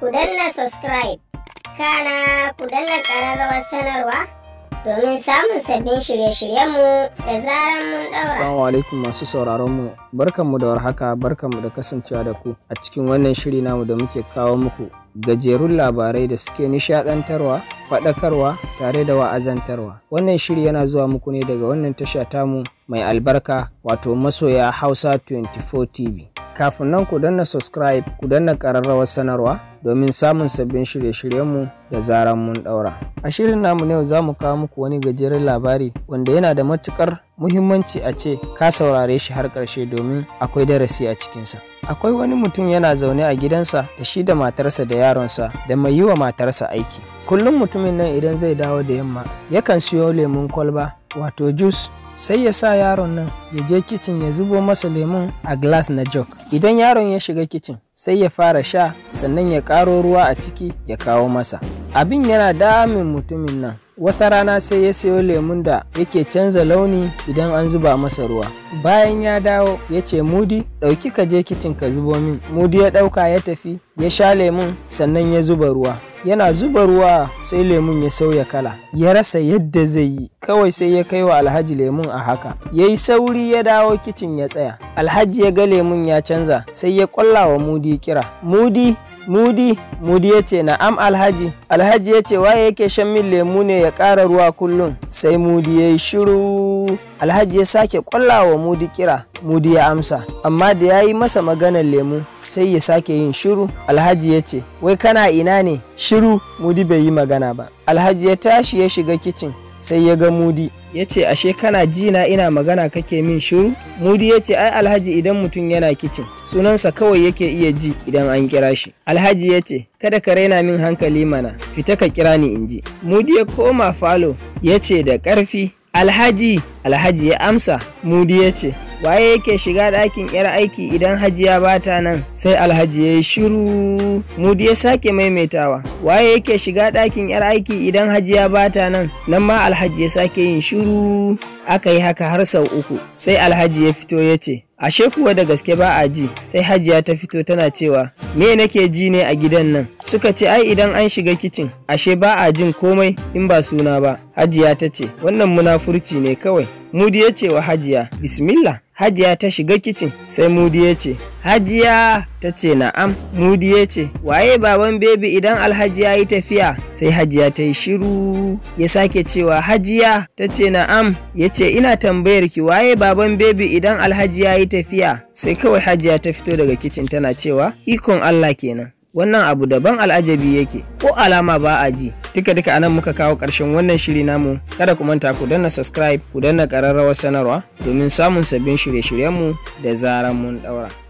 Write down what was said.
ku danna subscribe kana ku danna ƙararrawar sanarwa domin samun sabbin shirye-shiryenmu da zaran mun daura. Assalamu alaikum masu sauraron mu barkanmu da warhaka barkanmu da kasancewa da ku a cikin wannan shiri namu da muke kawo muku gajerun labarai da suke nishadantarwa, faɗakarwa tare da wa'azantarwa. Wannan shiri yana zuwa muku ne daga wannan tasha mu mai albarka wato masoya Hausa 24 TV. Kafin nan ku danna subscribe ku danna ƙararrawar sanarwa domin samun sabbin shirye-shiryenmu da zaran mun ɗaura. A shirin namu yau za mu kawo muku wani gajeren labari wanda yana da matukar muhimmanci a ce ka saurare shi har ƙarshe domin akwai darasi a cikinsa. Akwai wani mutum yana zaune a gidansa da shi da matarsa da yaronsa da mai yi wa matarsa aiki. Kullum mutumin nan idan zai dawo da yamma yakan siyo lemun kwalba wato jus sai ya sa yaron nan ya je kicin ya zubo masa lemun a glass na jug idan yaron ya shiga kicin sai ya fara sha sannan ya karo ruwa a ciki ya kawo masa abin yana damin mutumin nan wata rana sai ya sayo lemun da yake canza launi idan an zuba masa ruwa bayan ya dawo ya ce mudi ɗauki ka je kicin ka zubo min mudi ya ɗauka ya tafi ya sha lemun sannan ya zuba ruwa yana zuba ruwa sai lemun ya sauya kala ya rasa yadda zai yi kawai sai ya kai wa alhaji lemun a haka ya yi sauri ya dawo kicin ya tsaya alhaji ya ga lemun ya canza sai ya kwalla wa mudi kira mudi mudi mudi ya ce na'am alhaji alhaji ya ce waye yake shan min lemu ne ya ƙara ruwa kullum sai mudi ya yi shiru alhaji ya sake kwalla wa mudi kira mudi ya amsa amma da ya yi masa maganar lemu sai ya sake yin shiru alhaji ya ce wai kana ina ne shiru mudi bai yi magana ba alhaji ya tashi ya shiga kicin sai ya ga mudi ya ce ashe kana ji na ina magana kake min shiru mudi ya ce ai alhaji idan mutum yana kicin sunansa kawai yake iya ji idan an kira shi alhaji ya ce kada ka raina min hankali mana fita ka kira ni in ji mudi ya koma falo ya ce da ƙarfi alhaji alhaji ya amsa mudi ya ce waye yake shiga ɗakin 'yar aiki idan hajiya bata nan sai alhaji ya yi shiru mudi ya sake maimaitawa waye yake shiga ɗakin 'yar aiki idan hajiya bata nan nan ma alhaji ya sake yin shiru aka yi haka har sau uku sai alhaji ya fito ya ce ashe kuwa da gaske ba a ji sai hajiya ta fito tana cewa me nake ji ne a gidan nan suka ce ai idan an shiga kicin ashe ba a jin komai in ba suna ba hajiya ta ce wannan munafurci ne kawai mudi ya ce wa hajiya bismillah Hajiya ta shiga kicin sai Mudi ya ce, Hajiya ta ce na'am, Mudi ya ce, waye baban bebi idan alhaji ya yi tafiya sai Hajiya ta yi shiru ya sake cewa Hajiya ta ce na'am ya ce ina tambayar ki waye baban bebi idan alhaji ya yi tafiya sai kawai Hajiya ta fito daga kicin tana cewa ikon Allah kenan. Wannan abu daban al'ajabi yake, ko alama ba a ji, duka duka anan muka kawo ƙarshen wannan shiri namu kada ku manta ku danna subscribe ku danna ƙararrawar sanarwa domin samun sabbin shirye-shiryenmu da zaran mun ɗaura.